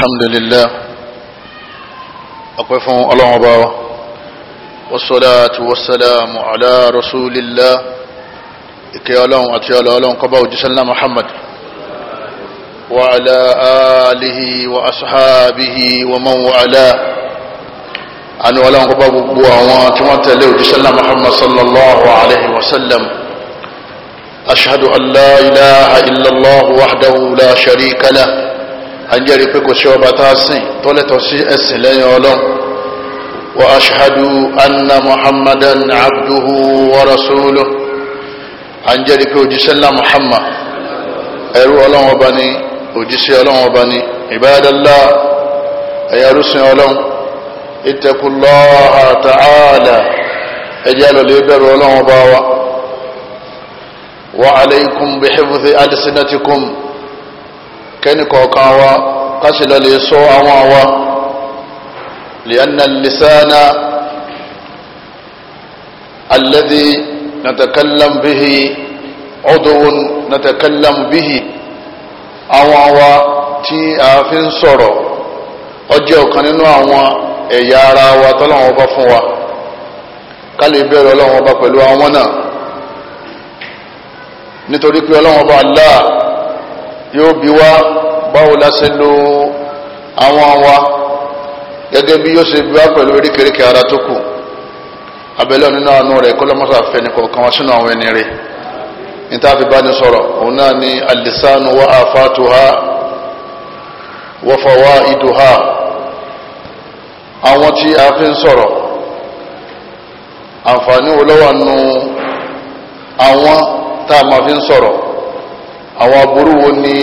الحمد لله أقف الله عباوة والصلاة والسلام على رسول الله إكي ألوم أتي ألوم قبو جسلنا محمد وعلى آله وأصحابه ومن وعلى أن ألوم قبو بوانوات واتلو جسلنا محمد صلى الله عليه وسلم أشهد أن لا إله إلا الله وحده لا شريك له anjẹ́rìí pé kò sí ọba tá a sìn tó lẹ́tọ̀ọ́ sí ẹ̀sìn lẹ́yìn ọlọ́run wa ashhadu anna muhammadan abduhu wa rasuluh anjẹ́rìí pé òjíṣẹ́ ńlá muhammad ẹrú ọlọ́run ọba ni òjíṣẹ́ ọlọ́run ọba ni ibadallah ẹ̀yà rúṣin ọlọ́run ittaqullaha ta'ala ẹjẹ́ àlọ́lẹ́ bẹ̀rù ọlọ́run ọba wa wa alaykum bihifzi alsinatikum kẹ́ni kọ̀ọ̀kan wa káṣí lọ lè sọ àwọn wa lianna lisana alladhi natakallam bihi udwun natakallam bihi àwọn wa tí a fi ń sọ̀rọ̀ ó jẹ́ ọ̀kan nínú àwọn ẹ̀yà ara wa tọ́lọ́wọ́n bá fún wa ká lè ọlọ́wọ́n bá pẹ̀lú àwọn náà nítorí pé ọlọ́wọ́n bá Allah yóò biwa wá báwo lo àwọn wa gẹ́gẹ́ bí yóò ṣe wá pẹ̀lú ara tó kù abẹ́lẹ́ nínú àánú rẹ̀ kó lọ́mọ́sá fẹ́nìkọ̀ kan wá sínú àwọn ẹni rẹ̀ níta fi bá ní sọ̀rọ̀ òun náà ni alisanu wa afatuha wa ha àwọn tí a fi ń sọ̀rọ̀ àǹfààní wo ló nù àwọn fi ń sọ̀rọ̀ àwọn aburú wo ni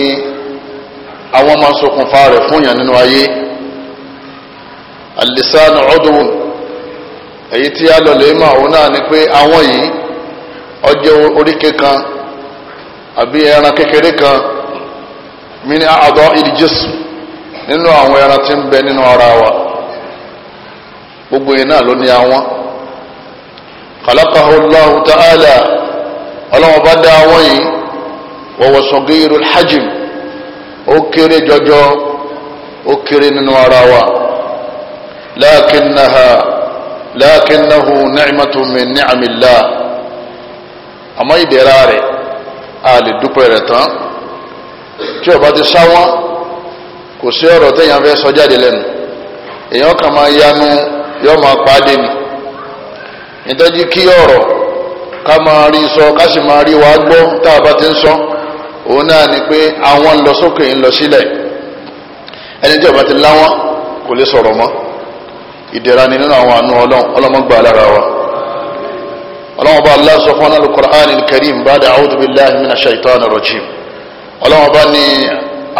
àwọn máa ṣokùnfà rẹ̀ fún yàn nínú ayé alisanu ọdún èyí tí a lọ lè mọ náà ni pé àwọn yìí ọjọ́ oríkè kan àbí ẹran kékeré kan mini àdọ́ ìdíjésù nínú àwọn ẹran tí ń bẹ nínú ara wa gbogbo yìí náà ló ní àwọn kàlákàá Allahu ta'ala ọlọ́wọ́n bá dá àwọn yìí. wọ́wọ́ sọ̀gẹ́rù hajim ó kéré jọjọ ó kéré nínú ara wa lákínnáha lákínnáhu ni'matun min ni'amillah àmọ́ ìdẹ̀ra rẹ̀ a lè dúpẹ́ rẹ̀ tán tí ọba ti sáwọn kò sí ọ̀rọ̀ téèyàn fẹ́ sọ lẹ́nu èèyàn kàn máa yanu yọ máa pàdé ni ìtọ́jú kí ọ̀rọ̀ ká máa rí sọ ká sì máa rí wa gbọ́ tá a bá ti ń sọ. So òun náà ni pé àwọn ń lọ sókè ń lọ sílẹ̀ ẹni tí ọba ti láwọn kò lè sọ̀rọ̀ mọ́ ìdẹ̀ra ni nínú àwọn àánú ọlọ́run ọlọ́mọ gbà lára wa ọlọ́run bá Allah sọ fún al-Qur'an al-Karim ba'da a'udhu billahi minash shaitani rajim ọlọ́run bá ní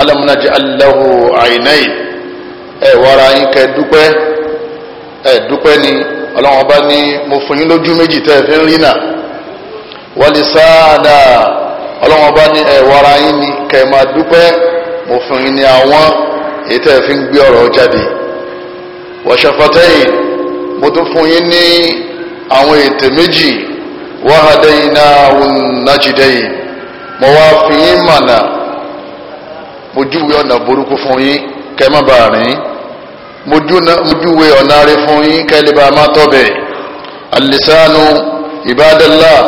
alam naj'al lahu 'aynayn wàrà yín kẹ́ dúpẹ́ ẹ̀ dúpẹ́ ni ọlọ́run bá ní mo fún yín lójú méjì tẹ́ fi ń rí náà wa lisana ọlọ́wọ́n bá ní ẹ̀wọ́ra yín ni kẹ́ máa dúpẹ́ òfin ni àwọn èyí tẹ́ fi ń gbé ọ̀rọ̀ jáde wọ̀ṣọ̀fọ́tẹ́yìn mo tún fún yín ní àwọn ètè méjì wàhádẹ́yìn náà nàjídẹ́yìn mo wá fi yín mànà mo júwe ọ̀nà burúkú fún yín kẹ́ má bàa rìn mo júwe ọ̀nà rẹ fún yín kẹ́ lè bá má tọ́ alisanu ibadallah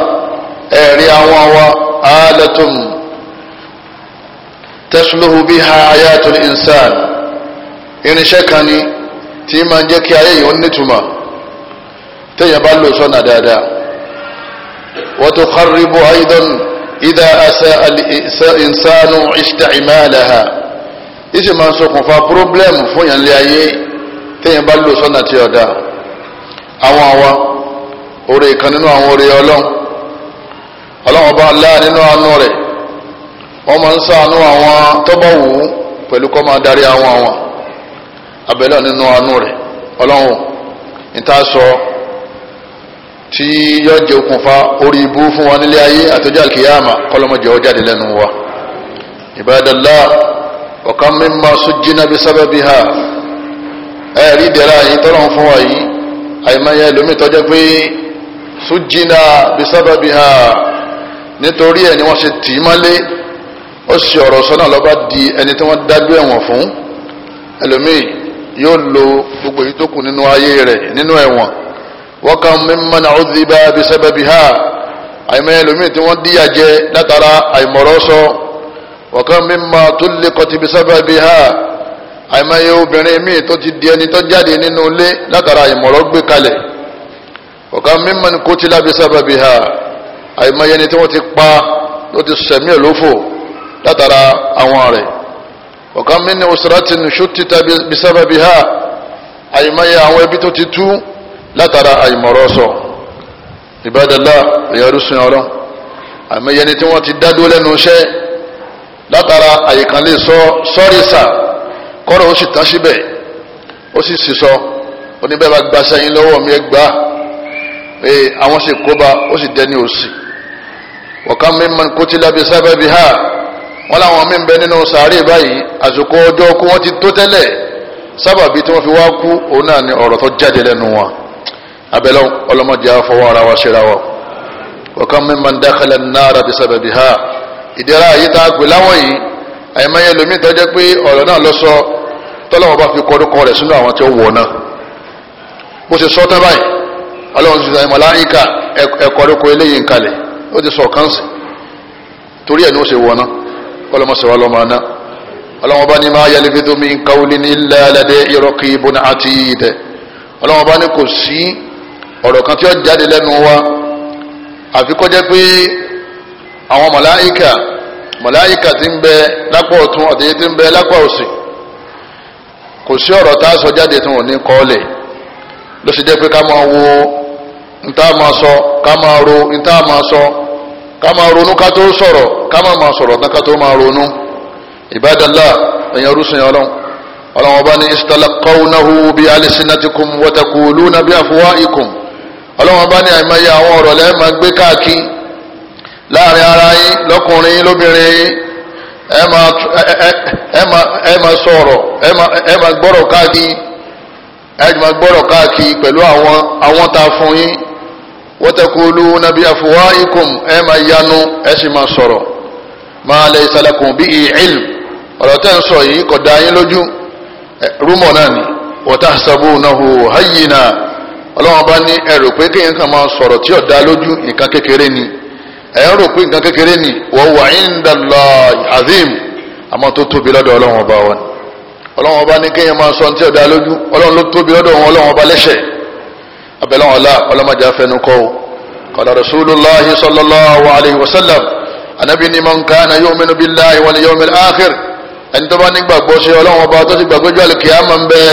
ẹ̀rí àwọn wa. آلة تسلوه بها حياة الإنسان irinṣẹ́ kan ni tí máa ń jẹ́ kí ayé yìí ó nítumọ̀ téèyàn bá lò sọ́nà dáadáa وتخرب أيضا إذا أساء الإنسان استعمالها ìsì máa ń ṣokùnfà pírọ́blẹ́mù fún yàn lé ayé téèyàn bá lò sọ́nà tí ọ̀dà àwọn àwa oore kan nínú àwọn oore ọlọ́run ọlọ́wọ́n bá lá nínú àánú rẹ̀ wọ́n máa ń sàánú àwọn tọ́bà wù ú pẹ̀lú kọ́ máa darí àwọn àwọn abẹ́lẹ̀ nínú àánú rẹ̀ ọlọ́wọ́n níta sọ tí yọ jẹ okùnfà orí ibú fún wa nílé ayé àtọ́jà kìyàmà kọ́lọ́mọdé ọ jáde lẹ́nu wa ìbádàlá ọ̀kan mímọ́ sójínà bí sábàbí ha ẹ̀rí ìdẹ̀ra yìí tọ́lọ̀ fún wa yìí àìmọye ẹlòmíì tọ́jọ́ pé sójínà bí ha nítorí ẹ̀ ni wọ́n ṣe tì í mọ́lé ó sì ọ̀rọ̀ sọ́nà lọ́ba di ẹni tí wọ́n dájú ẹ̀wọ̀n fún ẹlòmíì yóò lo gbogbo èyí tó kù nínú ayé rẹ̀ nínú ẹ̀wọ̀n wa kam mimman udhiba bisababiha àìmọ́ ẹlòmíì tí wọ́n díyà jẹ látara àìmọ̀rọ̀ sọ wa kam mimma tulliqat bisababiha àìmọ́ iye obìnrin míì tó ti di ẹni tó jáde nínú ilé látara àìmọ̀rọ̀ gbé kalẹ̀ wa kam mimman qutila bisababiha àìmọye ni tí wọ́n ti pa ló ti sẹ̀mí ẹ̀ lófò látara àwọn rẹ̀ ọ̀kan mi ní òsèrètì nìṣó títa bisẹ́fẹ́ bí ha àìmọye àwọn ẹbí tó ti tú látara àìmọ̀rọ̀ sọ ìbádọ́lá ìyàrúsùn ọlọ́run àìmọye ni tí wọ́n ti dádó lẹ́nu iṣẹ́ látara àyíkànlé sọ sọ́rí sà kọ́rọ̀ ó sì tán síbẹ̀ ó sì sì sọ bá gbaṣẹ́ yín lọ́wọ́ mi ẹ gbà àwọn sì kóbá ó sì dẹni òsì wọ̀kan mímọ̀ kutila bisababiha wọn làwọn míì bẹ nínú sàárè báyìí àsìkò ọjọ́ kú wọn ti tó tẹ́lẹ̀ sábàbí tí wọ́n fi wá kú òun náà ni ọ̀rọ̀ tó jáde lẹ́nu wọn abẹ́lẹ́ ọlọ́mọdé afọwọ́ ara wa ṣera wa wọ̀kan mímọ̀ dakhala an-nara bisababiha ìdẹ́ra yìí tá a pè láwọn yìí àyẹ̀mẹ́yẹ lomi tọ́jẹ́ pé ọ̀rọ̀ náà lọ sọ tọ́lọ́wọ́ eléyìí ń kalẹ̀ ó ti sọ kánsì torí ẹ̀ ní se ṣe wọ̀ná kọlọmọsẹ̀wá lọ́mọ ma ọlọ́wọ́n bá ní máa mi ń ní ilẹ̀ alẹ́dẹ́ ìrọ́kì ibùn àti ìdẹ ọlọ́wọ́n bá ní kò sí ọ̀rọ̀ kan tí ó jáde lẹ́nu wa pé àwọn ti ń bẹ lápá ọ̀tún àtẹ̀yẹ ti ń bẹ lápá òsì kò sí ọ̀rọ̀ tá a sọ jáde tí ní nta máa sọ ká máa ro nta máa sọ ká máa ronú ká tó sọ̀rọ̀ ká máa máa sọ̀rọ̀ ká tó máa ronú ìbádàlá ẹ̀yàn rúṣin ọlọ́run ọlọ́run ọba ní bi alsinatikum wa na bi afwahikum ọlọ́run ọba ní àìmọye àwọn ọ̀rọ̀ lẹ́ẹ̀ máa gbé káàkiri láàrin ara yín lọ́kùnrin lóbìnrin ẹ máa sọ̀rọ̀ ẹ máa gbọ́rọ̀ káàkiri ẹ máa gbọ́rọ̀ káàkiri pẹ̀lú àwọn àwọn tá a fún وتقولون بأفواهكم na ينو أسما صرو ما ليس لكم به ma ọ̀rọ̀ tẹ́ ń sọ yìí kò yín lójú rúmọ̀ náà ni watahsabunahu hayyina ọlọ́run bá ní ẹ na pé kéèyàn kan máa sọ̀rọ̀ tí lójú nǹkan kékeré ni ẹ pé nǹkan kékeré ni wa huwa indallahi azim àmọ́ tó tóbi lọ́dọ̀ ọlọ́run ọba wọn ọlọ́run ọba ní kéèyàn sọ abẹ́lẹ́wọ̀n ọlá ọlọ́mọdé afẹnu kọ́ o kọ́lá rasulillah sallallahu alayhi wa sallam anabi ni man kana yu'minu billahi wal yawmil akhir ẹni tó bá ní gbàgbọ́ sí ọlọ́wọ́n ọba tó ti gbàgbọ́ jọ alikiyama ń bẹ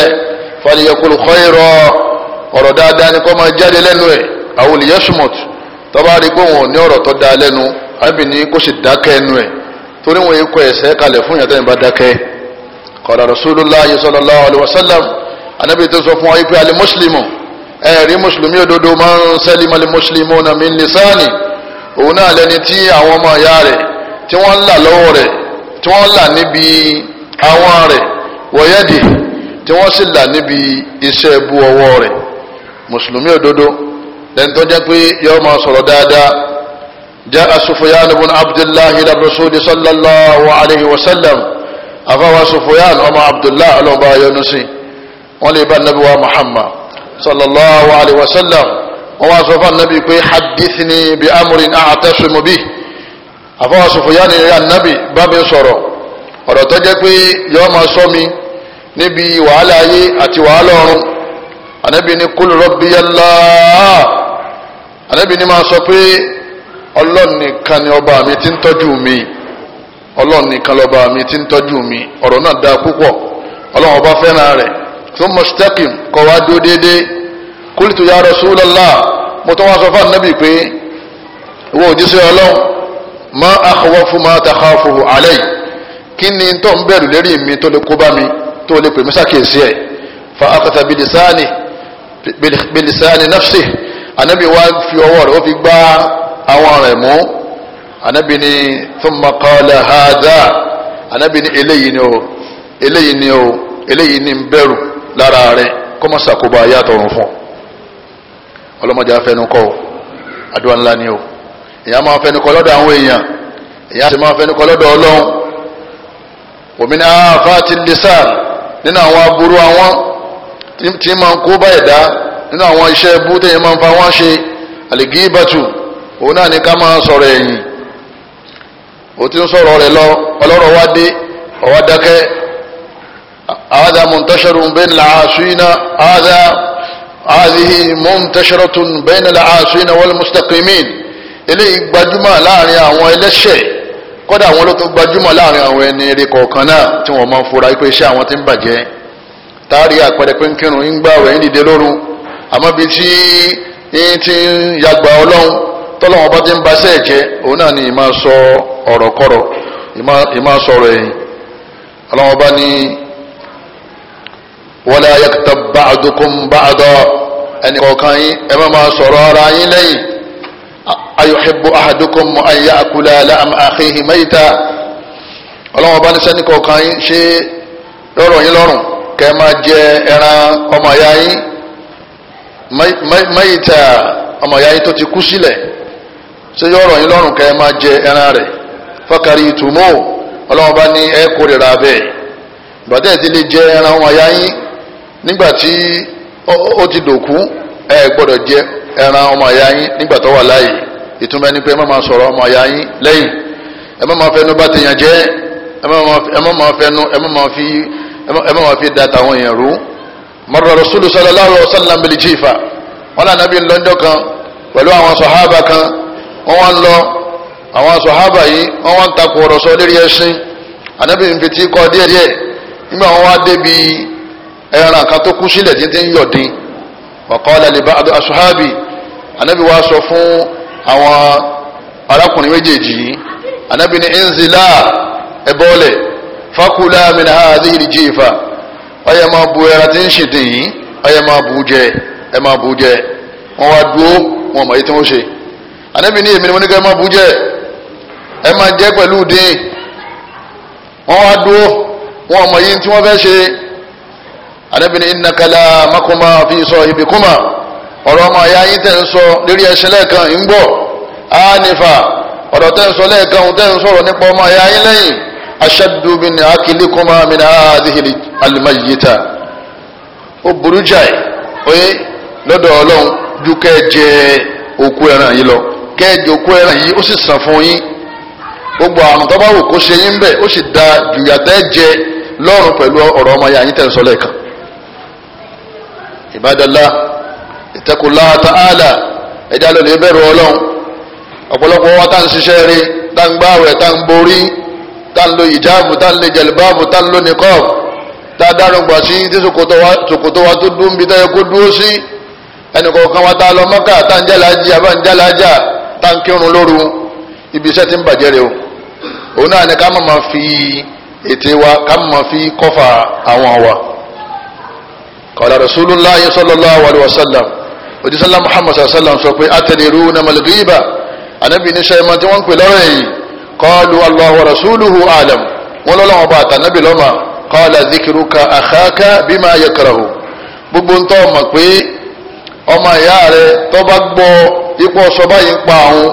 falyaqul khayra ọ̀rọ̀ dáadáa ni kó máa jáde lẹ́nu ẹ̀ aw liyasmut tó bá rí gbóhùn ní tó dáa lẹ́nu àbí ni kó sì dákẹ́ ẹnu ẹ̀ torí wọn kọ ẹsẹ̀ kalẹ̀ fún yàtọ̀ ìbá dákẹ́ kọ́lá rasulillah sallallahu alayhi wa sallam anabi tó sọ fún wa yìí alimuslimu ẹ̀rí mùsùlùmí òdodo máa ń sẹ́límọ́lì mùsùlùmí ọ̀nà mi lìsáàni òun náà lẹni tí àwọn ọmọ ìyá rẹ̀ tí wọ́n ń là lọ́wọ́ rẹ̀ tí wọ́n ń là níbi àwọn rẹ̀ wọ̀yẹ́dì tí wọ́n sì là níbi iṣẹ́ bu ọwọ́ rẹ̀ mùsùlùmí òdodo lẹni tó jẹ́ pé yóò máa sọ̀rọ̀ dáadáa جاء سفيان بن عبد الله إلى الرسول صلى الله عليه وسلم أفوى سفيان وما عبد الله ألو با يونسي ولي النبي محمد sallallahu alayhi wa sallam wọ́n wá sọ fún anabi pé hadithini bi amrin a'tasimu bi àfọwọ́ sọfúnyánì rẹ̀ anabi bá mi sọ̀rọ̀ ọ̀rọ̀ tó jẹ́ pé yọ́ọ́ máa sọ mi níbi wàhálà ayé àti wàhálà ọ̀run anabi ni kúlù rabbi Allah anabi ni máa sọ pé ọlọ́run nìkan ni ọba mi ti ń tọ́jú mi ọlọ́run lọ́ba mi ti ń tọ́jú mi ọ̀rọ̀ náà dáa púpọ̀ ọlọ́run ọba fẹ́ràn rẹ̀ thumma istaqim kọ́ wá dúró déédéé qultu ya Rasulullah mo tún wá sọ fún anabi pé ìwọ òjíṣẹ́ ọlọ́run ma akhwafu ma takhafuhu alayhi kí ni tó ń bẹ̀rù lérí mi tó lè kó bá mi tó lè pè mí sàkíyèsí ẹ̀ fa akata bilisani bilisani nafsi anabi wa fi ọwọ́ rẹ̀ ó fi gbá àwọn rẹ̀ mú anabi ni thumma qala hadha anabi ni eléyìí ni o eléyìí ni o eléyìí ni ń bẹ̀rù. lára rẹ kọ́mọ sàkóbá ayé àtọ̀run fún ọlọ́mọdé afẹnukọ o ńlá ni o èyàn máa fẹnukọ lọ́dọ̀ àwọn èèyàn èyàn sì máa fẹnukọ lọ́dọ̀ ọlọ́run òmìnira àfáàtì lisan nínú àwọn aburú àwọn tí máa ń kó bá ẹ̀dá nínú àwọn ẹbú ní هذا منتشر بين العاصين هذا هذه منتشرة بين العاصين والمستقيمين eléyìí gbajúmọ̀ láàrin àwọn ẹlẹ́ṣẹ̀ kódà àwọn ló tó gbajúmọ̀ láàrin àwọn ẹni eré kọ̀ọ̀kan náà tí wọ́n máa ń fura pé iṣẹ́ àwọn ti ń bàjẹ́ táàrí àpẹẹrẹ pé ń kírun ń gbà rẹ̀ ń dìde lóru àmọ́ bíi tí ń ti ń yàgbà ọlọ́run tọ́lọ́wọ́n bá ti ń baṣẹ́ ẹ̀jẹ̀ òun náà ni ìmáa sọ ọ̀rọ̀ kọ̀rọ̀ ìmáa sọ ọ̀rọ̀ ẹ̀yìn ọlọ́wọ́n bá ní wala yaktab ba'dukum ba'da ẹnì kọ̀ọ̀kan yín ẹ má máa sọ̀rọ̀ ara yín lẹ́yìn ayuhibbu ahadukum an ya'kula la'am akhihi mayta ọlọ́wọ́n bá ní sẹ́ni kọ̀ọ̀kan yín ṣe lọ́rọ̀ yín lọ́rùn kẹ́ ẹ máa jẹ ẹran ọmọ ìyá yín mayta ọmọ ìyá yín tó ti kú sílẹ̀ ṣe yọ̀rọ̀ yín lọ́rùn kẹ́ máa jẹ ẹran rẹ̀ fọkàrí ìtùmọ̀ ọlọ́wọ́n bá ní ẹ kórìíra bẹ́ẹ̀ ìbàdàn ti lè jẹ ẹran ọmọ ìyá yín nigbati tí ó ti dòkú ẹ gbọ́dọ̀ jẹ ẹran ọmọ ìyá yín nígbà tó wà láàyè ìtumọ̀ ẹni pé ẹ má máa sọ̀rọ̀ ọmọ ìyá yín lẹ́yìn ẹ má máa fẹnu bá tèèyàn jẹ́ ẹ má máa fẹnu ẹ má máa fi fi da tàwọn èèyàn rú. jifa wọn là nàbí lọ́jọ́ kan pẹ̀lú àwọn sọ̀hábà kan wọ́n wá ń lọ àwọn sọ̀hábà yìí wọ́n wá ń sọ lórí ẹṣin ń fi tí kọ́ díẹ̀díẹ̀ nígbà wọn wá ẹran kan tó kú sílẹ̀ títí ń yọ̀dín ọ̀kọ́lẹ̀ lè bá aṣọ́hábì anábì wa sọ fún àwọn arákùnrin méjèèjì yìí anábì ní ẹnzilá ẹbọ́ọ̀lẹ̀ fákúlá min hadhihi al-jifa ọyẹ máa bu ẹran tí ń ṣìdìn yìí ọyẹ máa bu jẹ ẹ máa bu jẹ wọn wá dúró wọn mọ̀ èyí tí ṣe ní èmi ni mo ní ká bu jẹ ẹ máa jẹ dín wọn wá dúró wọn èyí tí anabi ni inna kala makuma fi sọ ibi kuma ọ̀rọ̀ ọmọ ayé ayé tẹ̀ ń sọ lórí ẹ̀ṣẹ̀ lẹ́ẹ̀kan ń bọ̀ ánífà ọ̀rọ̀ tẹ̀ ń sọ lẹ́ẹ̀kan tẹ̀ ń sọ̀rọ̀ nípa ọmọ ayé ayé lẹ́yìn aṣáájú mi ni akílí kuma mi ni àdìhìlì alimayita ó burú jáì oye lọ́dọ̀ ọlọ́run ju kẹ́ẹ̀jẹ òkú ẹran yìí lọ kẹ́ẹ̀jẹ òkú ẹran yìí ó sì sàn fún yín gbogbo àrùn tó wò kó ṣe yín bẹ́ẹ̀ ó sì da jùyàtẹ́ jẹ lọ́rùn pẹ̀lú ọ̀rọ̀ ọmọ ayé ayé ń sọ lẹ́ẹ̀kan Ibadallah ittaqullah ta'ala ẹ̀dá lónìí bẹ̀rù ọlọ́run ọ̀pọ̀lọpọ̀ wa tá à ń ṣiṣẹ́ rí tá à ń gbààwẹ̀ tá à ń borí tá à ń lo ìjáàbù tá à ń lo jẹ̀lìbáàbù tá à ń lo nìkọ́ọ̀ tá a dárun gbà sí tí ṣòkòtò wa tó dún bí yẹ kó dúró sí ẹnìkọ̀ọ̀kan wa tá a lọ Mọ́kà tá à ń jálàájì àbá ń jálàájà tá à kírun lóru ibi iṣẹ́ ti ń bàjẹ́ rẹ o òun náà ni ká má máa fi ète wa ká má máa fi kọ́fà àwọn wa kọ́lá rasulullah sallallahu alayhi wa sallam odisala muhammad sallam sọ pé atẹ̀lérú na malghiba anabi ní sẹ́yìn tí wọ́n ń pè lọ́rọ̀ yìí qalu allah wa rasuluhu alam wọn lọ́lọ́ wọn bá àtànábì lọ́mà qala dhikruka akhaka bima yakrahu gbogbo ń tọ́ ọmọ pé ọmọ ìyá rẹ tó bá gbọ́ ipò ọ̀sọ́ báyìí ń pa àwọn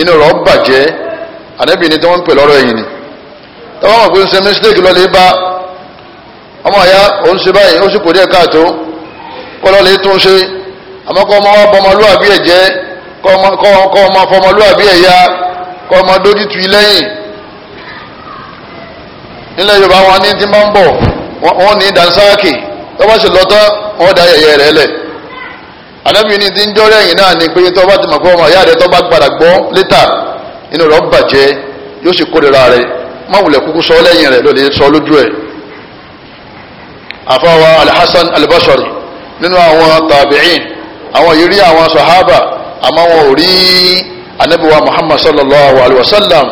inú rọ̀ bàjẹ́ anabi ní tí wọ́n ń pè lọ́rọ̀ yìí ni tọ́wọ́n mọ̀ pé ń ṣe mistake lọ́lẹ́ bá ọmọ ìyá ó ń ṣe báyìí o sì kò díẹ̀ káàtó kọlọ́lẹ̀ tó ń ṣe àmọ́ kọ́ ọmọ wa bọmọlúwàbí ẹ̀ jẹ́ kọ́ ọmọ ẹ̀ ya kọ́ ọmọ dójútu lẹ́yìn nílẹ̀ Yorùbá wọn ní ti máa ń bọ̀ wọn ní dansáàkì lọta bá lọ́tọ́ wọn da ẹ̀yẹ rẹ̀ lẹ̀ àdàbí ní ti ń jọ́rẹ́ ẹ̀yìn náà ni pé tó bá ti mọ̀ pé ọmọ ìyá rẹ̀ tó bá gbàdà gbọ́ létà inú rẹ̀ bàjẹ́ yóò sì kórira rẹ̀ kúkú sọ lẹ́yìn rẹ̀ sọ lójú ẹ̀ àfọwọ́ alhassan albasori nínú àwọn tàbíìn àwọn yìí rí àwọn sahaba àmọ́ wọn ò rí anabiwa muhammad sallallahu alayhi wa sallam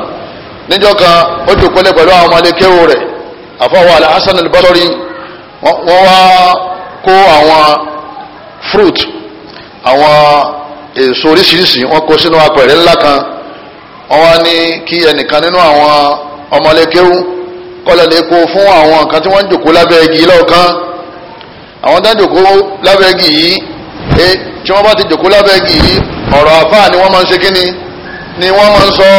níjọ́ kan ó jókòó lé pẹ̀lú àwọn ọmọlékéwò rẹ̀ àfọwọ́ alhassan albasori wọ́n wá kó àwọn fruit àwọn èso oríṣiríṣi wọ́n kó sínú apẹ̀rẹ̀ ńlá kan wọ́n wá ní kí ẹnìkan nínú àwọn ọmọlékéwò kọ́lọ̀ lè kó fún àwọn nǹkan tí wọ́n ń jòkó lábẹ́ igi lọ́ọ̀kan àwọn tó ń jòkó lábẹ́ igi yìí ẹ e, tí wọ́n bá ti jòkó lábẹ́ igi yìí ọ̀rọ̀ àfáà ni wọ́n máa ń ṣe kíni ni wọ́n máa ń sọ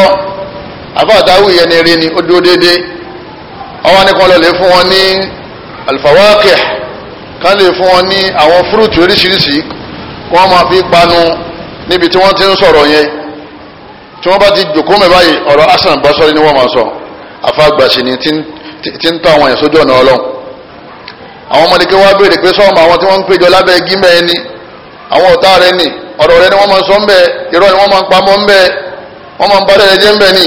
àfáà táwù yẹn ni rí ni ó dúró déédéé àwọn ní kọ́lọ̀ lè fún wọn ní alfawakih ká lè fún wọn ní àwọn fúrúùtù oríṣiríṣi kí wọ́n máa fi panu níbi tí wọ́n ti ń sọ̀rọ̀ yẹn tí wọ́n bá ti jòkó mẹ́ báyìí ọ̀rọ̀ asan basọ́rí ni wọ́n máa sọ àfáà gbàṣẹ́ ni ti ń tí ń tọ́ àwọn èèyàn sójú ọ̀nà ọlọ́run àwọn ọmọdéke wá béèrè pé sọ́ọ̀mù àwọn tí wọ́n ń péjọ lábẹ́ gímẹ̀ ni. àwọn ọ̀tá rẹ ni ọ̀rọ̀ rẹ ni wọ́n máa ń sọ ń bẹ irọ́ ni wọ́n máa ń pamọ́ ń wọ́n máa ń ń ni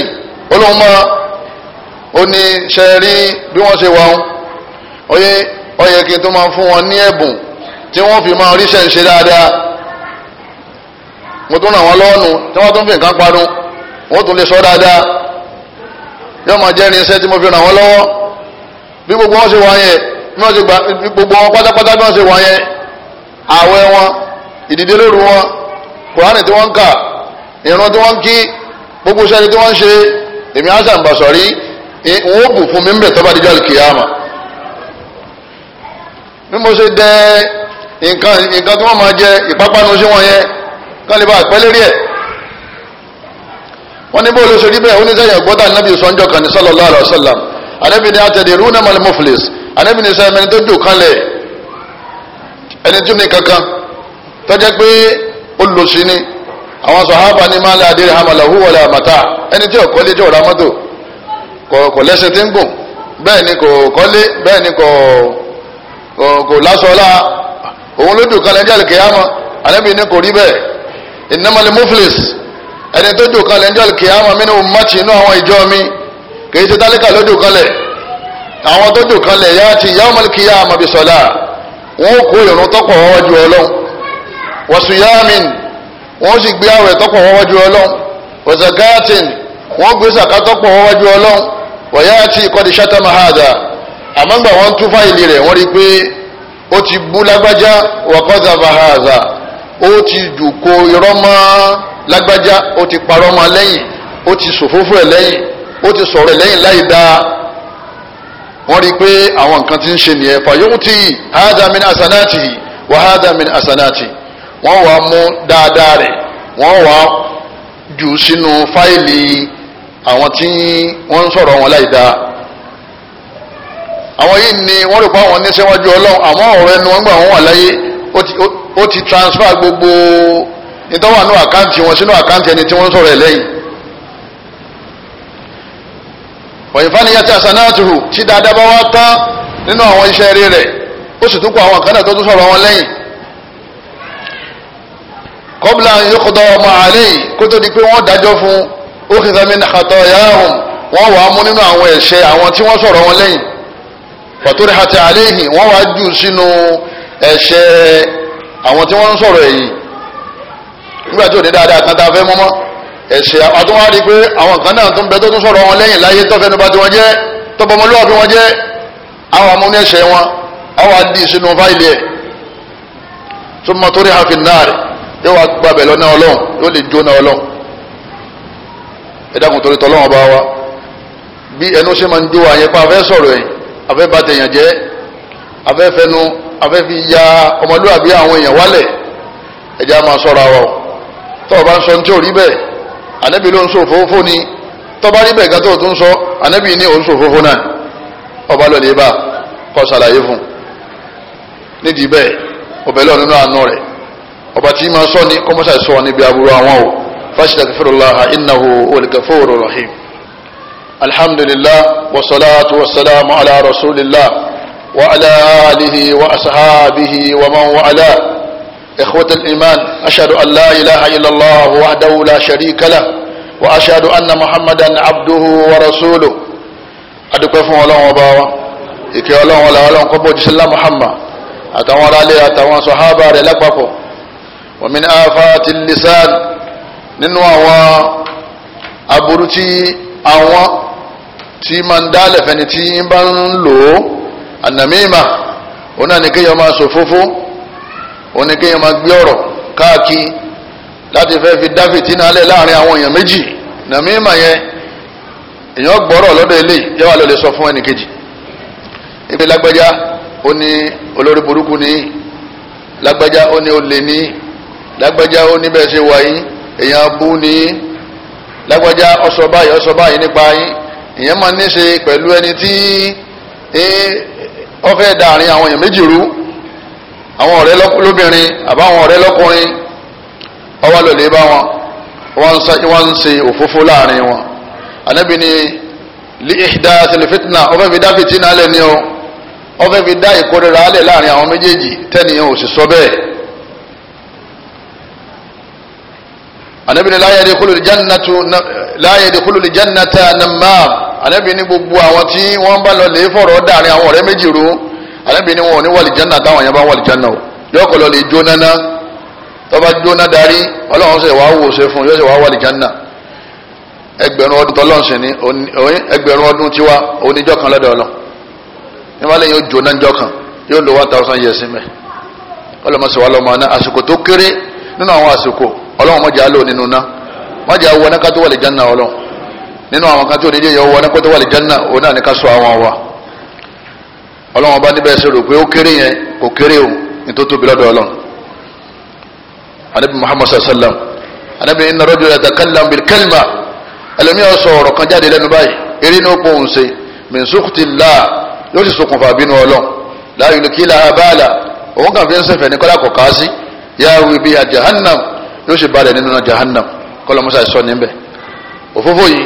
olóhùn máa ó bí wọ́n ṣe wà oyè kí n tó máa fún wọn ní ẹ̀bùn tí wọ́n fi máa ṣe dáadáa mo tún ràn wọ́n lọ́wọ́ nu tí wọ́n tún fi nǹkan parun wọ́n bí gbogbo wọn ṣe wà yẹn bí wọn ṣe gbà bí gbogbo wọn pátápátá bí wọn ṣe wà yẹn ààwẹ̀ wọn ìdìde lóru wọn kùránì tí wọn ń kà ìrun tí wọn ń kí gbogbo iṣẹ́ tí wọ́n ń ṣe èmi àṣà ń bà sọ̀rí bù fún mi ń bẹ̀ tọ́ba kìyàmà bí mo ṣe dẹ nǹkan nǹkan tí wọ́n máa jẹ ìpápánu sí wọn yẹn kán lè bá àpẹ́ lérí ẹ̀ wọ́n ní bó ló ṣe rí bẹ́ẹ̀ ó ní sẹ́yìn ọ̀gbọ́dà nábì sọ́njọ́ kan ní sallallahu alaihi wasallam anabi ni atẹ̀dẹ̀rú náà mọ̀lẹ́ mọ́fìlẹ́sì anabi ni sọ ẹni tó jò kalẹ̀ ẹni tó ní kankan tọ́jà pé olùsí ni àwọn sọ̀hábà ni máa lé adéré hamala huwala mata ẹni tí ọ̀kọ́ lé tí ọ̀rọ̀ amọ́tò kò lẹ́sẹ̀ tí ń gùn bẹ́ẹ̀ ni kò kọ́lé bẹ́ẹ̀ ni kò kò lásọ̀ọ́lá òun ló jò kalẹ̀ jẹ́ àlùkìyàmọ́ anabi ni kò rí bẹ́ẹ̀ ẹni tó jò kalẹ̀ jẹ́ àlùkìyàmọ́ mi ni mo má ti inú àwọn ìjọ mi kìí ṣe tálíkà ló dùn kanlẹ̀ àwọn tó dùn kanlẹ̀ yá ti yá ọmọ kí yá àmọ́ bí sọ̀lá wọn kó ìrun tọ́pọ̀ wọ́wọ́jú ọlọ́run wọ̀sùn yáàmìn wọn sì gbé àwẹ̀ tọ́pọ̀ wọ́wọ́jú ọlọ́run wọ̀sàkáàtìn wọn gbé sàká tọ́pọ̀ wọ́wọ́jú ọlọ́run wọ̀yá ti kọ́ni ṣátàmà hàdà àmọ́ gbà wọ́n tún fáìlì rẹ̀ wọ́n rí i pé ó ti bú lágbájá wọ̀kọ́dà bàhàdà ó ti dùkọ irọ́ mọ́ lágbájá ó ti parọ́ mọ́ lẹ́yìn ó ti sòfófó ẹ̀ lẹ́yìn ó ti sọ̀rọ̀ lẹ́yìn láì dáa wọ́n rí i pé àwọn nǹkan ti ń ṣe nìyẹn fàyọ́wùtì hada asanati wa hada asanati wọ́n wàá mú dáadáa rẹ̀ wọ́n wàá jù sínú fáìlì àwọn tí wọ́n ń sọ̀rọ̀ wọn láì dáa àwọn yìí ni wọ́n rò pé àwọn níṣẹ́wájú ọlọ́run àmọ́ ọ̀rọ̀ ẹnu wọn gbà wọ́n wà láyé ó ti transfer gbogbo ìtọ́wà nínú àkáǹtì wọn sínú àkáǹtì ẹni tí wọ́n ń sọ̀rọ̀ ẹ̀ lẹ́yìn wọ̀nyífániyàtì àsánáàtìhù tí dáadáa bá wá tán nínú àwọn iṣẹ́ eré rẹ̀ ó sì tún kọ àwọn kan náà tó tún sọ̀rọ̀ wọn lẹ́yìn kọ́bùlà yókùdọ̀ ọmọ àlẹ́ yìí kó tó di pé wọ́n dájọ́ fún ó kì í sami nàkàtọ̀ yahun wọ́n wàá mú nínú àwọn ẹ̀ṣẹ̀ àwọn tí wọ́n sọ̀rọ̀ wọn lẹ́yìn pàtórí àti àlẹ́ yìí wọ́n wàá jù sínú ẹ̀ṣẹ̀ àwọn tí wọ́n sọ̀rọ̀ yìí nígbà tí ò ẹ̀sìn àtún wá rí i pé àwọn kan náà tún bẹ tó tún sọ̀rọ̀ wọn lẹ́yìn láyé tó fẹnu bà tiwọn jẹ́ tó bọ́ ọmọlúwà bí wọn jẹ́ àwọn amúni ẹ̀sẹ̀ wọn àwọn àdì sínú fáìlì ẹ̀ tó mọ torí hafi náàrí yóò wá gbàbẹ̀ lọ́nà ọlọ́run yóò lè jóná ọlọ́run ẹ̀dá kùn torí tọ́lọ́run ọba wa bí ẹnu ṣe máa ń jó àyẹ̀ pa afẹ́ sọ̀rọ̀ ẹ̀yìn afẹ́ bá tẹ̀yàn jẹ́ afẹ́ fẹnu afẹ́ fi ya ọmọlúwàbí àwọn èèyàn wálẹ̀ ẹ̀já máa sọ̀rọ̀ àwọ̀ tọ́ọ̀ bá ń sọ ní tí ò rí bẹ́ẹ̀ ànábì ló ń sọ òfófó ni tọ́ba rí bẹ́ẹ̀ gàtọ́ tó ń sọ ànábì ní òun sọ òfófó náà ọba lọ́ọ̀lẹ́ bá kọ́ ṣàlàyé fún nídìí bẹ́ẹ̀ ọbẹ̀ lọ́ọ̀ nínú àánú rẹ̀ ọba tí ma sọ ni kọ́mọ́sà sọ níbi aburú àwọn o fàṣítàkìfìrìláha innahu olùkàfọ́rọ̀ rahim alhamdulillah wasalatu wasalamu ala rasulillah wa ala alihi wa asahabihi wa man wa ala. إخوة الإيمان أشهد أن لا إله إلا الله وحده لا شريك له وأشهد أن محمدا عبده ورسوله أدوكم الله وباوا ìkẹ́ ọlọ́run ọlọ́run ọlọ́run kọ́ bójú sílá muhammad àtàwọn aráalé àtàwọn sọ̀hábà rẹ̀ lápapọ̀ wọ̀mìn afati lisan nínú àwọn aburú tí àwọn tí máa ń dálẹ̀ fẹ́ni tí ń bá ń lò ó ànàmímà òun náà ní kéèyàn máa sòfófó oníkéyàn máa gbé ọ̀rọ̀ káàkiri láti fẹ́ fi dá fìtínà lẹ̀ láàrin àwọn èèyàn méjì nàmímà yẹn èèyàn gbọ́rọ̀ lọ́dọ̀ ilé yẹn wà lọ́lẹ̀ sọ fún ẹnìkejì ibi lágbájá ó ní olórí burúkú ní lágbájá ó ní olè ní lágbájá ó ní bẹ́ẹ̀ ṣe wà yín èèyàn bú ní lágbájá ọsọ báyìí ọsọ báyìí nípa yín èèyàn máa ní ṣe pẹ̀lú ẹni tí ó fẹ́ dàárín àwọn èèyàn méjì rú àwọn ọ̀rẹ́ lóbìnrin àbáwọn ọ̀rẹ́ lọ́kùnrin ọwọ́ lòlẹ́ bá wọn wọ́n ń ṣe òfófó láàrin wọn ànábì ni li ihdathil fitna ọfẹ́ fi dá fìtínà lẹ̀ ni o ọfẹ́ fi dá ìkórira lẹ̀ láàrin àwọn méjèèjì tẹ́nìyàn ò sì sọ bẹ́ẹ̀. ànábì ni la yadkhulul jannatu la yadkhulul jannata ni gbogbo àwọn tí wọ́n bá lọ lè fọ̀rọ̀ dáàrin àwọn ọ̀rẹ́ méjì rú àlẹ́bí ni wọn ò ní wà lìjánà táwọn yẹn bá wà lìjánà o yóò kọ́ lọ lè jóná ná tọ́ba jóná darí ọlọ́run ṣe wàá wò ṣe fún yóò ṣe wàá wà lìjánà ẹgbẹ̀rún ọdún tọ́lọ́run ṣe ni ẹgbẹ̀rún ọdún tiwa oníjọ́ kan lọ́dọ̀ ọlọ́ níwájú yóò jóná jọ kan yóò lo one thousand years mẹ́ ọlọ́mọṣẹ́ wa lọ́mọ náà àsìkò tó kéré nínú àwọn àsìkò ọlọ́run mọ̀jà lò nínú náà ọlọ́run ọba níbẹ̀ ṣe rò pé ó kéré yẹn kò kéré o ní tó tóbi lọ́dọ̀ ọlọ́run anabi muhammad sallam anabi inna rajula yatakallam bil kalima ẹlòmíì ó sọ ọ̀rọ̀ kan jáde lẹ́nu báyìí eré ní òpó òun ṣe min sukhtillah yóò ti ṣokùnfà bínú ọlọ́run la yulki laha bala òun kàn fi ń sẹ̀fẹ̀ ní kọ́lá kò ká sí yahwi biha jahannam yóò ṣe balẹ̀ nínú jahannam kọ́lá musa sọ níbẹ̀ òfófó yìí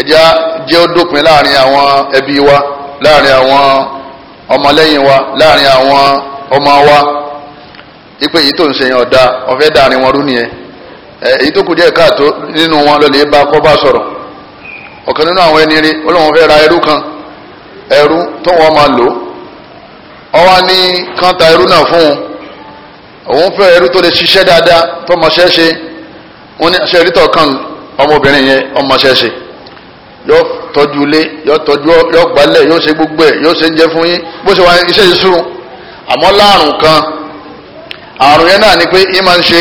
ẹja jẹ́ ó dópin láàrin àwọn ẹbí wa láàrin àwọn ọmọlẹ́yìn wa láàrin àwọn ọmọ wa ipe èyí tó ń ṣe yẹn ọ̀dà ọ̀fẹ́ dàrin wọn rú nìyẹn èyí tó kù díẹ̀ káàtó nínú wọn lọ́lẹ̀ bá kọ́ bá sọ̀rọ̀ ọ̀kan nínú àwọn ẹni rí olóhùn fẹ́ ra ẹrú kan ẹrú tó wọn máa lò ó wá ní kán ta ẹrú náà fún un òun fẹ́ ẹrú tó lè ṣiṣẹ́ dáadáa tó mọṣẹ́ ṣe wọn ní aṣẹ́ kan ọmọbìnrin yẹn ọmọṣẹ́ ṣe yóò tọ́jú ilé yóò tọ́jú yóò gbálẹ̀ yóò ṣe gbogbo ẹ yóò ṣe ń jẹ fún yín bó ṣe wà ìṣúrù láàrùn kan àrùn yẹn náà ni pé yín máa ń ṣe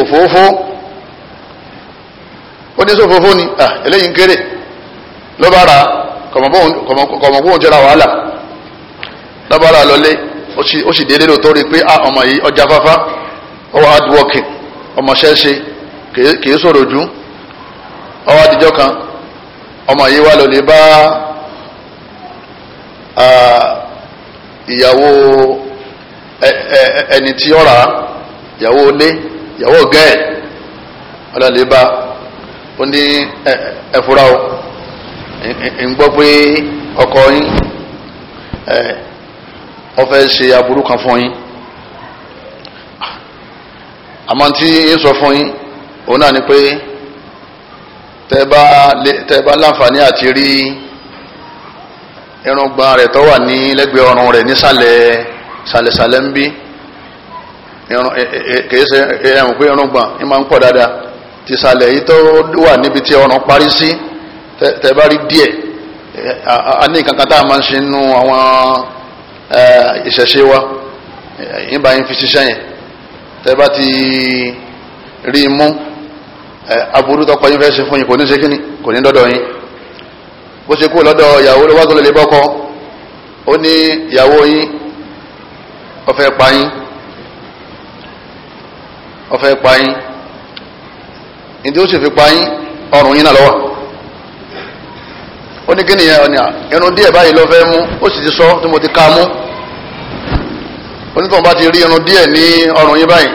òfófó ó ní sófófó ni eléyìí ń kéré jẹ́ra wàhálà ó sì ọmọ yìí ọjà fáfá hard working sọ̀rọ̀ jù ọwọ́ àdìjọ́ kan ọmọ yìí wá lọ lè bá ìyàwó ẹni tí ọ̀rà ìyàwó ilé ìyàwó gẹ́ẹ̀ ọlọ́lẹ̀ bá ó ní ẹ̀fúra o ń gbọ́ pé ọkọ yín ọ fẹ́ ṣe aburú kan fún yín àmọ́ tí ń sọ fún yín òun náà ni pé. tẹ́ẹ̀bá tẹ́ẹ̀bá láǹfààní àti rí irùngbọ̀n rẹ̀ tó wà ní lẹ́gbẹ̀ẹ́ ọrùn rẹ̀ nísàlẹ̀ sàlẹ̀sàlẹ̀ ń bí e, e, e, kìí ṣe ẹ̀hún pé irùngbọ̀n ní máa ń pọ̀ dáadáa ti sàlẹ̀ yìí tó wà níbi tí ọrùn parí sí tẹ́ẹ̀bá rí díẹ̀ a ní kankan tá a máa ń ṣe nínú àwọn ìṣẹ̀ṣe wa ìbáyín fi ṣiṣẹ́ yẹn tẹ́ẹ̀bá ti rí mú. aburú tọkọ yín fẹ́ ṣe fún yín kò ní ṣe kíni kò ní dọ́dọ̀ yín bó ṣe kú lọ́dọ̀ ìyàwó ló tó lè bọ́kọ ó ní ìyàwó yín ọfẹ́ pa yín ó pa yín ìdí ó sì fi pa yín ọrùn yín náà lọ́wọ́ mú ó sì ti sọ tí mo ti mú bá ti rí irun díẹ̀ ní ọrùn yín báyìí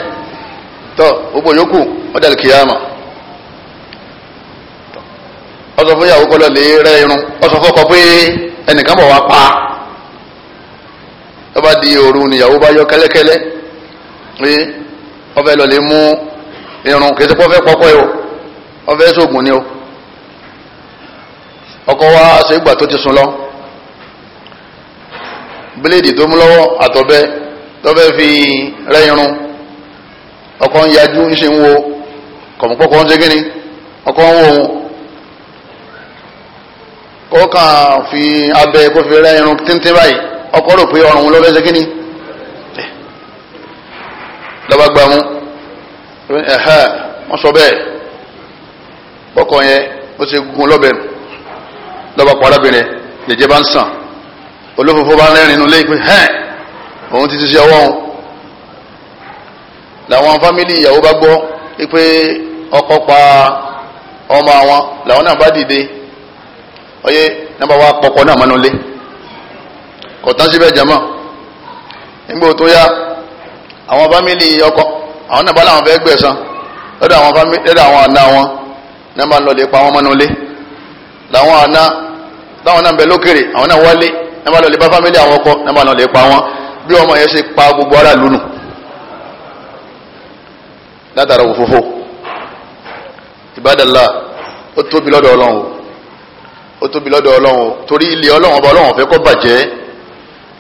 ó sọ fún ìyàwó kọlọ lè rẹ irun ó sọ fọkọ pé ẹnìkan bọ̀ wá pa ó bá di òru níyàwó bá yọ kẹ́lẹ́kẹ́lẹ́ pé ó fẹ́ lọ lè mú irun kì í ṣe pé ó fẹ́ pọkọ yìí o ó fẹ́ ni o ọkọ wa ṣe ìgbà tó ti sùn lọ bíléèdì tó mú lọ́wọ́ àtọ̀bẹ tó fi rẹ irun ọkọ ń yajú ń ṣe ń wo kọ̀mọ̀pọ̀kọ̀ ń ṣe kí ọkọ ń wo òun ó fi abẹ kó fi rẹ irun tíntín báyìí ọkọ rò pé ọrùn ló fẹsẹ kí ni lọba gba mu ẹhẹ wọn sọ bẹ́ẹ̀ bọkọ yẹn ó ti gun lọbẹ lọba pọ arábìnrin jẹjẹ bá ń sàn olófòfò bá ń rẹ́rìn inú lẹ́yìn pé hẹ́n òun ti ti ṣe ọwọ́ òun làwọn fámìlì ìyàwó bá gbọ́ pé ọkọ pa ọmọ àwọn làwọn náà bá dìde. ọyẹ nígbà wa pọkọ náà mọ́nú lé kọ̀tán síbẹ̀ jẹ́mọ́ nígbà tó yá àwọn fámìlì ọkọ àwọn náà bá làwọn fẹ́ gbẹ̀san lọ́dọ̀ àwọn fámìlì lọ́dọ̀ àwọn àna wọn na ń lọ pa wọn mọ́nú lé làwọn àna táwọn náà bẹ lókèrè àwọn náà wọlé fámìlì àwọn ọkọ náà pa wọn bí ọmọ yẹn ṣe pa gbogbo ara lónù látara òfófó ìbádàlá ó tóbi lọ́dọ̀ ọlọ́run ó tóbi lọ́dọ̀ ọlọ́run torí ilé ọlọ́run ọba ọlọ́run fẹ́ kó bàjẹ́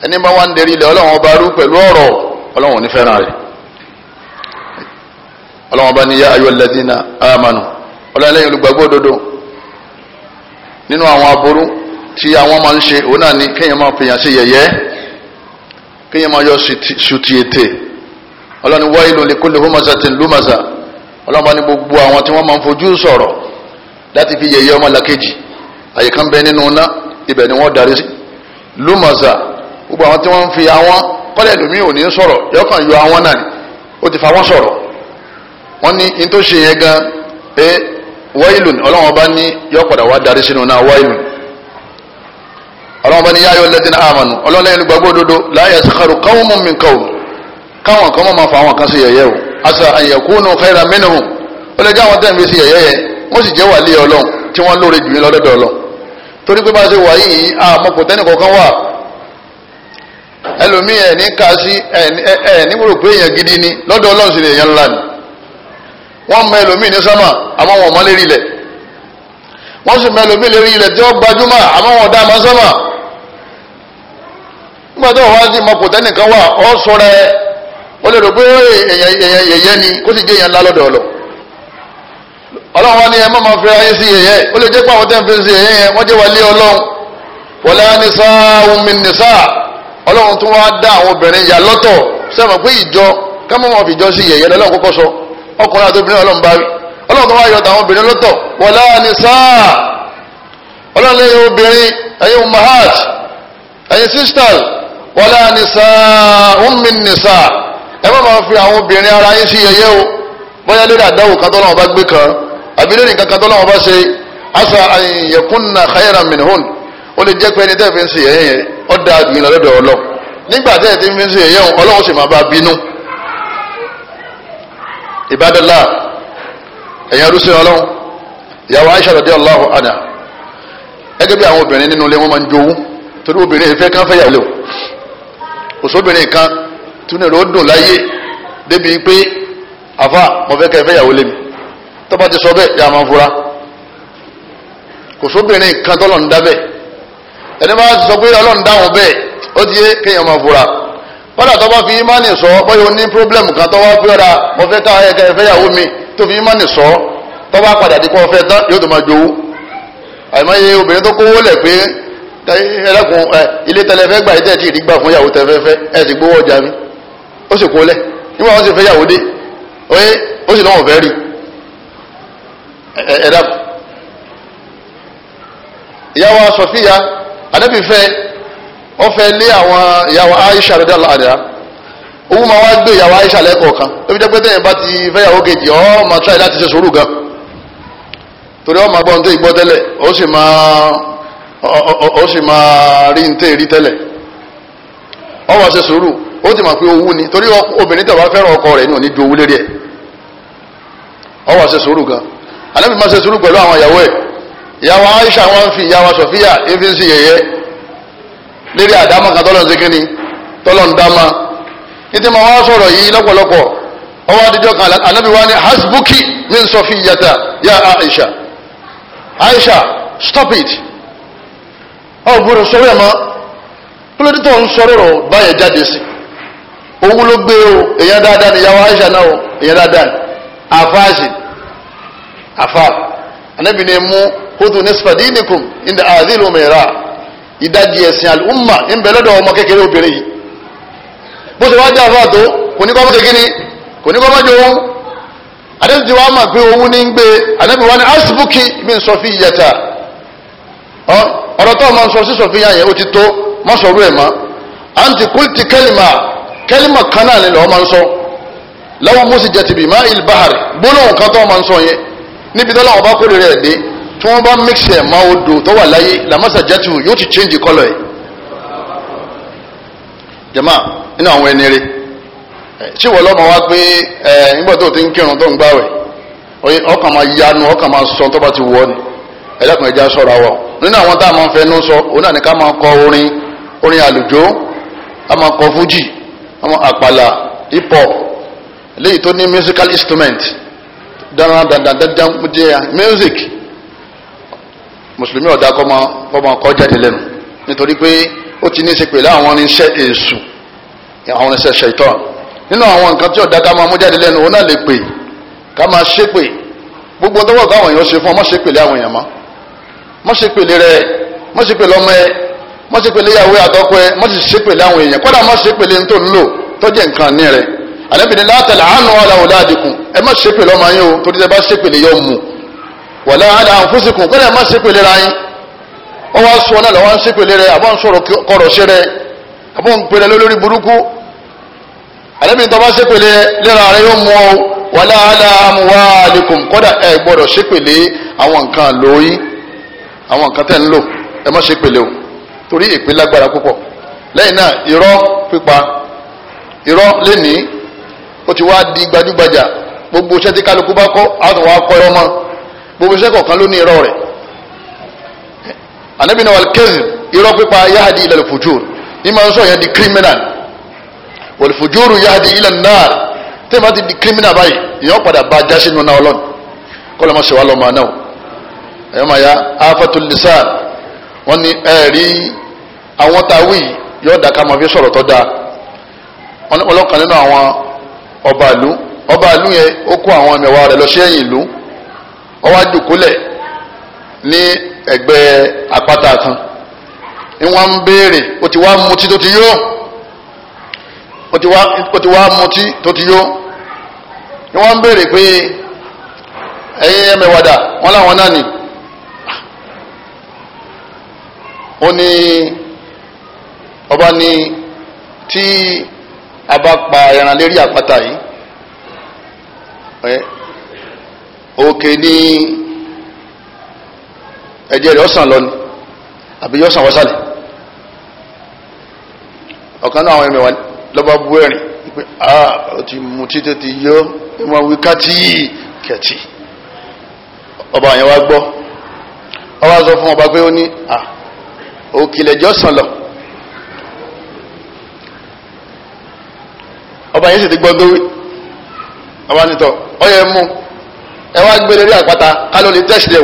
ẹni bá wá ń darí ilé ọlọ́run ọba rú pẹ̀lú ọ̀rọ̀ ọlọ́run ní fẹ́ràn rẹ̀ ọlọ́run ọba ní yá ayọ̀ lẹ́dínà amanu ọlọ́run lẹ́yìn olùgbàgbọ́ òdodo nínú àwọn aburú tí àwọn máa ń ṣe òun náà ni kéèyàn máa fìyàn sí yẹ̀yẹ́ kéèyàn máa yọ sùtì ètè ọlọ́run wailun likulli humazatin ọlọ́run bá gbogbo àwọn tí wọ́n máa ń fojú sọ̀rọ̀ láti fi yẹ̀yẹ́ ọmọ àyè kan bẹ nínú ná ibẹ̀ ni wọ́n darí sí lumasa gbogbo àwọn tí wọ́n ń fi àwọn kọ́lẹ̀ lómi ò ní sọ̀rọ̀ yọkàn yọ àwọn náà ni ó ti fa wọ́n sọ̀rọ̀ wọ́n ní in tó ṣe yẹn gan ẹ wáìlùn ọlọ́wọ́n bá ní yọ padà wá darí sínú náà wáìlùn ọlọ́wọ́n bá ní yáyọ lẹ́tìn àmànù ọlọ́lẹ́yìn ní gbàgbọ́ òdodo láyé sàkàrù káwọn min káwọn káwọn kan mọ̀ máa fa àwọn kan sí yẹ̀yẹ́ o asa àyẹ̀kú nù khayran minhum ó lè jẹ́ àwọn tẹ̀ ń fi sí yẹ̀yẹ́ yẹn wọ́n sì jẹ́ wà ọlọ́run tí wọ́n lóore jù yín lọ́dọ̀ lọ torí pé bá a ṣe wà yìí àmọ́kò tẹ́nìkọ̀ọ̀kan wà ẹlòmíì ẹ̀ ká sí ẹ̀ ní rò pé èèyàn gidi ni lọ́dọ̀ ọlọ́run sì lè èèyàn ńlá ni wọ́n mọ ẹlòmíì ní sámà àmọ́ wọn mọ lérí ilẹ̀ wọ́n sì mọ ẹlòmíì lérí ilẹ̀ tí wọ́n gbajúmọ̀ àmọ́ wọn dá àmọ́ sámà nígbà tó wọ́n wá sí mọ́kò tẹ́nìkan wà ọ́ sọ̀rọ̀ ẹ̀ ó lè rò pé èèyàn èèyàn ni kó sì jẹ́ èèyàn ńlá lọ́dọ̀ ọlọ́run ọlọ́run wa ní ẹ má máa fi ayé sí yẹ̀yẹ́ ó lè jẹ́ pé àwọn tẹ́ǹfẹ́ sí yẹ̀yẹ́ yẹn wọ́n jẹ́ wà lé ọlọ́run wọlé anisa omi nisa ọlọ́run tún wá dá àwọn obìnrin yà lọ́tọ̀ sẹ́wọ̀n pé ìjọ kámọ́ wọn fi jọ sí yẹ̀yẹ́ lọ́lọ́run kọ́kọ́ sọ ọkùnrin àti obìnrin ọlọ́run bá rí ọlọ́run tún wá yọ tàwọn obìnrin lọ́tọ̀ wọlé anisa ọlọ́run lè yọ obìnrin ẹ̀yin umahat ẹ̀yin sisters wọlé anisa omi nisa ẹ má máa fi àwọn obìnrin ara yín sí yẹ̀yẹ́ o bóyá lórí àdáwò kan náà bá gbé kan àbílẹ̀ nìkan kan tọ́lọ́wọ́n bá ṣe asa àyẹ̀kúnnà khayran minhun ó lè jẹ́ pé ẹni tẹ́ẹ̀ fi ń ṣe ẹ̀yẹ yẹn ó da àdùn lọ́dọ̀ ọlọ́ nígbà tẹ́ẹ̀ ti fi ń ṣe ẹ̀yẹ òun ọlọ́run sì máa bá bínú. ìbádọ́lá ẹ̀yìn arúsí ọlọ́run ìyàwó Aisha radiyallahu anha ẹgẹ́ bí àwọn obìnrin nínú ilé wọn máa ń jowú torí obìnrin ìfẹ́ kan fẹ́ yàlẹ́ o òṣòbìnrin kan túnú rẹ̀ ó dùn láyé débi pé àfa mo fẹ́ kẹ́ fẹ́ yàwó lémi tọ́ba ti sọ bẹ́ẹ̀ yà máa fura kò sóbìnrin kan tọ́lọ̀ ń dá bẹ́ẹ̀ ẹni bá sọ pé ọlọ́run dáhùn bẹ́ẹ̀ ó ti yé kéèyàn máa fura kọ́dà tọ́ba fi ìmánì sọ bọ́yọ̀ ní pírọ́blẹ́mù kan tọ́wọ́ fi ọ̀dà mo fẹ́ ká ẹ̀ka ẹ̀fẹ́ yàwó mi tó fi ìmánì sọ tọ́ba padà di kọ́ fẹ́ tán yóò tó máa jowó àìmọye obìnrin tó kówó lẹ̀ pé ẹlẹ́kùn ilé tẹlẹfẹ́ gbà yìí tẹ̀sí ìdígbà fún yàwó tẹfẹ́fẹ́ ẹ̀ sì gbowó ọjà mi ó sì kó lẹ̀ nígbà wọn sì fẹ́ yàwó dé ó sì lọ́wọ́ fẹ́ rí i ẹ̀dá ìyàwó asọ̀fíya anábì ofe le fẹ́ lé àwọn ìyàwó Aisha rẹ̀ dàlọ́ àdá owó máa wá gbé Aisha lẹ́kọ̀ọ̀kan tó fi pé bá ti fẹ́ ìyàwó kejì ọ́ máa tíráì láti ṣe sùúrù gan torí ọ́ máa gbọ́ ohun tó ìgbọ́ ó sì máa ó sì rí ní tẹ́ẹ̀rí tẹ́lẹ̀ wá ṣe ti mọ̀ pé owó ni torí obìnrin tẹ̀ ọkọ rẹ̀ ni ju owó lérí ẹ̀ anabi máa ṣe sùúrù pẹ̀lú àwọn ìyàwó ẹ̀ ìyàwó aisha wọn fi ìyàwó sofia efi ń sí yẹyẹ lérí àdámà kan tọ́lọ̀ ń ṣe kínní tọ́lọ̀ ń dámà nítorí máa wá sọ̀rọ̀ yìí lọ́pọ̀lọpọ̀ ọwọ́ adijọ́ kan anabi wa ni hasbuki min sofiyata ya aisha aisha stop it ọ gbọ́dọ̀ sọ̀rọ̀ ẹ̀ mọ́ kúlódé tó ń sọ̀rọ̀ rọ̀ báyẹn jáde sí owó ló gbé o èèyàn dáadáa ni ìyàwó aisha náà o èèyàn dáadáa ni àfáàsì afa anabi ni mu hudu nisfa dinikum inda adil umira ìdajì ẹ̀sìn al'umma ń bẹ lọ́dọ̀ ọmọ kékeré obìnrin yìí bó ṣe wá jẹ́ àfa tó kò ní kọ́ mọ́ kékeré kò ní kọ́ mọ́ jọ ohun adébí ti wá mà pé òun ní ń gbé anabi wa ni asibuki mi sọ fi yẹta ọ̀rọ̀ tó ọmọ sọ sí sọ fi yàn yẹn ó ti tó mọ́ sọ̀rọ̀ ẹ̀ mọ́ àǹtí kúlìtì kẹ́lìmà kẹ́lìmà kan ni lọ́ọ́ máa ń sọ lọ́wọ́ mú sí jẹ́ tìbí má ìlbáhàrì gbólóhùn kan tó ọmọ sọ yẹn níbi tó làwọn bá kórè rẹ̀ dé tí wọ́n bá mixẹ̀ mọ́ odò tó wà láyé làmásà jẹ́tù yóò ti change colour ẹ̀ jama nínú àwọn ẹni rẹ̀ ṣé wọ́n lọ́mọ wá pé ẹ̀ nígbà tó ti ń kírun tó ń gbáwẹ̀ ọkàn máa yanu ọkàn máa sọ tó bá ti wọ́ ni ẹ̀dàkùn ẹja sọ̀rọ̀ wa nínú àwọn tá a máa ń fẹnu sọ òun náà ni ká máa kọ orin orin àlùjó a máa kọ fújì a máa àpàlà hip hop léyìí tó ní musical instrument dáná dandandandan jẹ́ ya music mùsùlùmí ọ̀dà kọ́mọ kọ́ jáde lẹ́nu nítorí pé ó ti ní í ṣe pẹ̀lú àwọn irinṣẹ́ èṣù àwọn irinṣẹ́ ṣẹ̀tọ́ nínú àwọn nǹkan tí ọ̀dà ká máa jáde lẹ́nu òun náà lè pè ká gbogbo tọwọ́ káwọn èèyàn ṣe fún ọ má ṣe àwọn èèyàn rẹ ọmọ ẹ ìyàwó àtọkọ ẹ èèyàn nǹkan àlẹ́bìnrin látàlá àánú ọ̀la ọ̀làdìkùn ẹ má ṣépè lọ́mọ yín o torí ẹ bá ṣépè lè yọ mu wàlẹ́ àdá àǹfóṣìkùn kọ́lẹ́ ẹ má ṣépè lè ra yín wọ́n wá sọ náà lọ́wọ́ ń ṣépè lè rẹ àbọ̀ ń sọ̀rọ̀ kọ̀rọ̀ ṣe rẹ àbọ̀ ń pèrè lórí burúkú àlẹ́bìnrin tó bá ṣépè lè ra rẹ yóò mu o wàlẹ́ àdá àmúwálìkùn kọ́dà ẹ gbọ́dọ̀ ṣépè lè àwọn nǹkan lóyún àwọn nǹkan tẹ́ ń lò ẹ má ṣépè lè o torí èpè lágbára lénìí ó ti wá di gbajúgbajà gbogbo iṣẹ́ tí kálukú bá kọ́ àwọn wàá kọ́ ẹ̀rọ mọ́ gbogbo iṣẹ́ kọ̀ọ̀kan ló ní irọ́ rẹ̀ anabi alkezi irọ́ pípa yahadi ilẹ̀ alfujur ní máa ń sọ yẹn di criminal olùfujuru yahadi ilẹ̀ náà tẹ́lẹ̀ máa ti di criminal báyìí ìyẹn padà bá jásí nínú náà ọlọ́run kọ́lọ́ máa ṣe wá lọ́mọ náà ẹ̀yọ́ máa ya afatul lisan wọ́n ní ẹ̀rí àwọn táwí yọ̀ọ́ dàkà máa fi sọ̀rọ̀ tó dáa wọ́n nínú àwọn ọba ìlú ọba ìlú yẹn ó kó àwọn ẹmẹ̀wà rẹ̀ lọ sẹ́yìn ìlú ó wá jòkólẹ̀ ní ẹ̀gbẹ́ àpáta kan ni wọ́n ń béèrè ó ti wá mutí tó ti yó ó ti wá mutí tó ti yó ni wọ́n ń béèrè pé ẹ̀yin ẹmẹ̀wàdà wọ́n láwọn náà nì ó ní ọba ní tí a bá pa ẹran lérí àpáta yìí òkè ní ẹ̀jẹ̀ rẹ̀ ọ̀sán lọ ni àbí yóò sàn wọ́sàlẹ̀ ọ̀kan náà àwọn ẹ̀mẹ̀wà lọ́ba bú ẹ̀rìn pé ah, ti mú títẹ́ ti yọ ẹmọ wíká tí kẹ̀tì ọba àyẹ̀wà gbọ́ ọba sọ fún ọba pé ó ní à òkè lẹ̀jẹ̀ ọ̀sán lọ ọba yẹn sì ti gbọ́ dówí ọba nìtọ̀ ọyẹ mú ẹ wá gbélé rí àpáta ká ló lè tẹ̀sí ẹ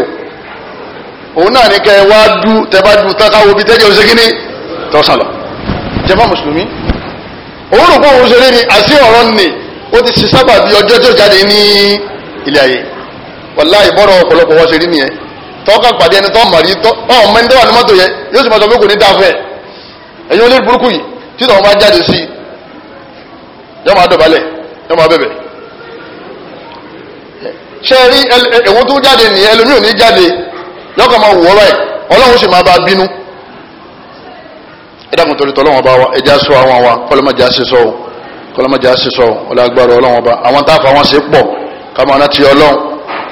o òun náà ní kẹ ẹ wá dú tẹ bá dú tán káwọ bí tẹ́jọ́ ṣe kíní tọ́sán lọ jẹmọ́ mùsùlùmí òun rò pé òun ṣeré ni àti ọ̀rọ̀ nì ó ti ṣe sábà bí ọjọ́ tó jáde ní ilé ayé wàláì bọ́rọ̀ ọ̀pọ̀lọpọ̀ wọ́n ṣe rí nìyẹn tọ́ka pàdé ẹni tọ́ màrí tọ́ ọmọ ẹni tọ́wà ní mọ́tò yẹ yóò sì máa sọ pé kò ní dáfẹ́ ẹ̀yin olórí burúkú yìí títọ̀ wọn bá jáde sí i yọ máa dọ̀bálẹ̀ yọ máa bẹ̀bẹ̀ ṣe rí ẹ̀wọ́n tó jáde ní ẹlòmí ò ní jáde yọkàn máa wù ọ́ báyìí ọlọ́run sì máa bá bínú ẹ dákun torí tọ́lọ́wọ́n bá wa ẹja sọ àwọn wa kọ́lọ́mọdé á sì sọ o kọ́lọ́mọdé á sì sọ o ọlọ́gbàrọ̀ ọlọ́wọ́n bá àwọn tá a fà wọ́n sí pọ̀ káma ọ̀nà ti ọlọ́run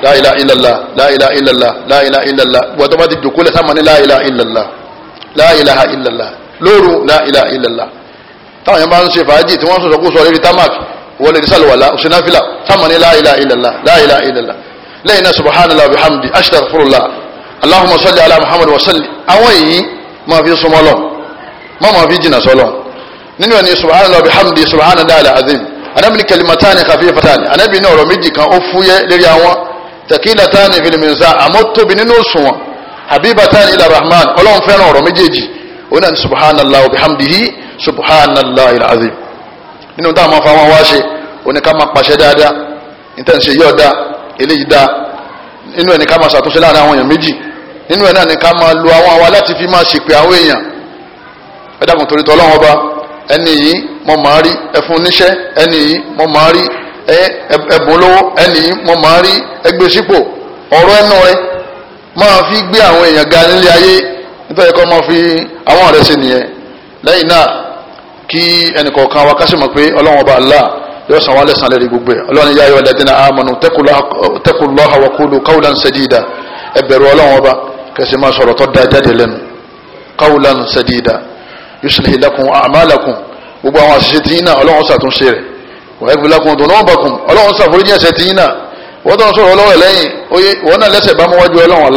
láìla ìlàlá láìla ìlàlá láìla ìlàlá gbọ́dọ̀ bá ti jòkó lẹ̀ ní láìla ìlàlá láìla ìlàlá lóru láìla ìlàlá táwọn yẹn bá ń ṣe fàájì tí wọ́n sọ̀sọ̀ kó sọ lórí tamak wọlé ní sàlùwàlá òṣìnáfìlà táwọn ní láìlà ìlàlá láìlà ìlàlá lẹ́yìn náà subhanallah bihamdi astaghfirullah allahumma salli ala muhammad wa salli àwọn èyí máa fi súnmọ́ lọ máa máa fi jìnnà sọlọ nínú ẹni subhanallah bihamdi subhanallah alazim anabi ni kalimatani khafifatani anabi ní ọ̀rọ̀ méjì kan ó fúyẹ́ lérí àwọn takilatani fil mizan àmọ́ tóbi nínú òṣùwọ̀n habibatani ila rahman ọlọ́run fẹ́ràn ọ̀rọ̀ méjèèjì onáni subhanallah bihamdihi subhanallah ilazim nínú ta'a máa fa wọn wá ṣe ma ká máa pàṣẹ dáadáa ìtẹ̀sí yóò dáa eléyìí dáa nínú ẹ̀ ní ká máa ṣàtúnṣe láàrin àwọn èèyàn méjì nínú ẹ̀ náà ní ká máa lo àwọn àwa fi máa ṣèpè àwọn èèyàn ẹ dákun torí tọ́lọ́wọ́n ọba ẹni yìí mo máa rí ẹfun níṣẹ́ ẹni yìí mo máa rí ẹbùn ẹni yìí mo máa rí ẹgbẹ́ sípò ọ̀rọ̀ ẹnu fi gbé àwọn èèyàn ga nílé ayé nítorí kọ́ fi àwọn ọ̀rẹ́ nìyẹn lẹ́yìn kí ẹnìkọ̀ọ̀kan wa ká sì mọ̀ pé ọlọ́run ọba Allah yóò san wọn lẹ́sàn lẹ́rìí gbogbo ẹ̀ ọlọ́run yá ayọ̀ alladhina amanu taqullaha wa qulu qawlan sadida ẹ bẹ̀rù ọlọ́run ọba kẹsì máa sọ̀rọ̀ tó da jáde lẹ́nu qawlan sadida yuslih lakum a'malakum gbogbo àwọn àṣìṣe tí yín ọlọ́run ṣàtúnṣe rẹ̀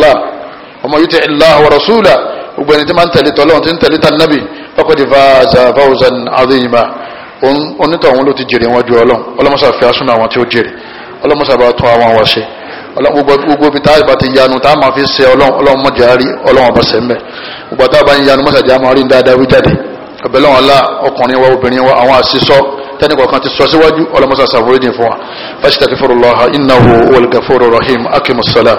wa yaghfir gbogbo ẹni tí máa ń tẹ̀lé tọ́lọ́run tí ń tẹ̀lé tà nábì faqad faza fawzan azima onítọ̀ òun ló ti jèrè wọn ju ọlọ́run ọlọ́mọṣà fi asúnà àwọn tí ó jèrè ọlọ́mọṣà bá tún àwọn àwọn ṣe gbogbo ibi tá a bá ti yanu tá a máa fi ṣe ọlọ́run mọ̀jà rí ọlọ́run ọba sẹ́ńbẹ̀ gbogbo tá a bá ń yanu mọ̀ṣàjà máa rí